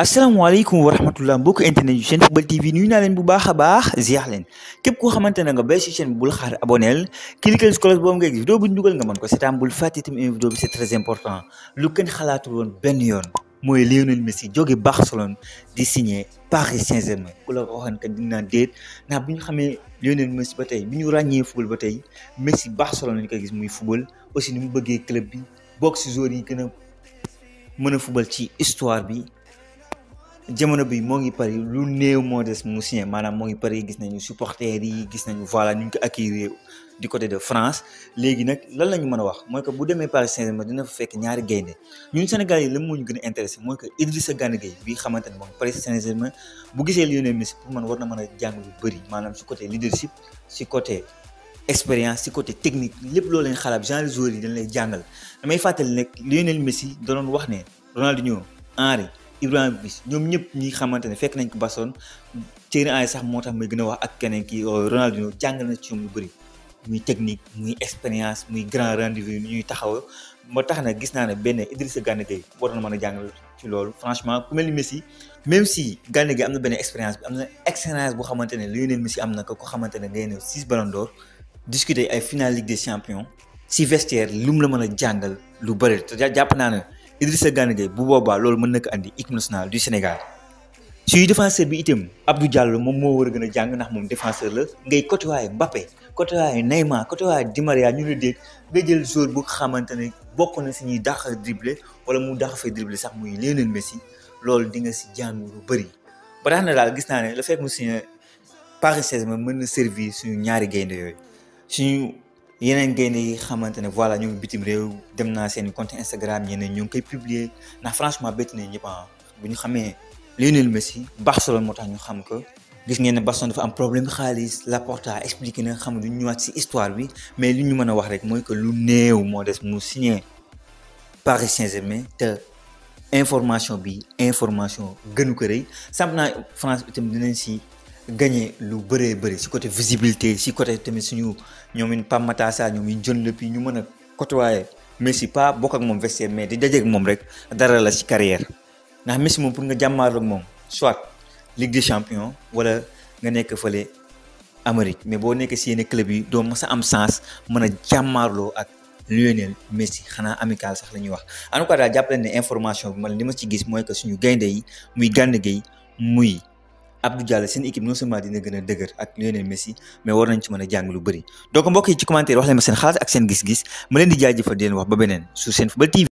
السلام عليكم ورحمة الله بوك انترنت شن فبل تي في نونا لين بو باخ باخ زيح لين كيب كو خمان تنا نغا بيسي شن بول خار ابونيل كيل كيل سكولا بوم غيك فيديو بو ندوغل نغا مانكو سيتام بول فاتي تم فيديو بي سي تريز امبورطان لو كن خلات وون بن يون موي ليونيل ميسي جوغي باخ سولون دي سيني باريس سان زيرمان كولا روحان كان دينا ديت نا بين خامي ليونيل ميسي باتاي بي راني فوبول باتاي ميسي باخ سولون نكا غيس موي فوبول اوسي نيم بيغي كلوب بي بوكس زوري كنا من فوبول تي استوار بي jamono bi mo ngi Paris lu néew moo des mu signé maanaam moo ngi Paris gis nañu supporters yi gis nañu voilà ñu ko acquérir du côté de France léegi nag lan la ñu mën a wax mooy que bu demee Paris Saint-Germain dina fa fekk ñaari gaynde ñun Sénégal yi lan moo ñu gën a intéressé mooy que Idrissa Gana Gueye bi xamante ne moom Paris Saint-Germain bu gisee Lionel Messi pour man war na mën a jàng lu bëri maanaam si côté leadership si côté expérience si côté technique lépp loolu lañ xalaat genre joueurs yi dañ lay jàngal damay fàttali nag Lionel Messi da doon wax ne Ronaldinho Henry Ibrahima Bis ñoom ñëpp ñi xamantene fekk nañ ko Thierry Henry sax moo may gën a wax ak keneen ki euh, Ronaldinho jàng na technique muy expérience muy grand rendez-vous ñuy taxaw na gis Idrissa war na a ci franchement ku Messi même si am expérience expérience Messi am ko ko ngay six ballons d'or discuter ay finale Ligue des Champions si vestiaire lu mu la lu Idrissa Gana Gueye bu boobaa loolu mën na ko andi équipe nationale du Sénégal suy défenseur bi itam Abdou Diallo moom moo war a gën a jàng ndax moom défenseur la ngay côtoyer Mbappé côtoyer Neymar côtoyer Di Maria ñu ne déet nga jël joueur bu xamante ne bokk na si ñuy dàq a dribblé wala mu dàq fay dribblé sax muy Lionel Messi loolu di nga si jàng lu bëri ba tax na daal gis naa ne la fait que mu signé Paris saint mën na servir suñu ñaari gaynde yooyu yeneen gaynde yi xamante ne voilà ñu ngi bitim réew dem seen compte Instagram yeneen ñu ngi koy publier ndax franchement bett nañ ñëpp ah bu ñu xamee Lionel Messi Barcelone moo ñu xam ko gis ngeen ne Barcelone dafa am problème xaalis Laporta expliqué na xam du ñu ñëwaat si histoire bi mais li ñu mën wax rek mooy que lu néew moo des mu signé Paris saint te information bi information gënu ko rëy samp France itam dinañ si gagné lu bëree bëri ci côté visibilité ci côté tamit suñu ñoom in Pape Matar Sarr ñoom in John Lépine ñu mëna a côtoyer Messi pas bokk ak mom vestiaire mais di ak mom rek dara la ci carrière ndax Messi mom pour nga jàmmaar ak moom soit Ligue des Champions wala nga nekk feulé Amérique mais bo nekkee ci yenn club yi do mës a am sens mëna a ak Lionel Messi xana amical sax la wax en tout cas daal jàpp leen information bi mal li ma ci gis moy que suñu gaynde yi muy gande gay muy Abdou Diallo seen équipe non dina gën a dëgër ak Lionel Messi mais war nañ ci mën a jàng lu bëri donc mbokk yi ci commentaire wax leen ma seen xalaat ak seen gis-gis ma leen di jaajëfal di wax ba beneen su Senfootball TV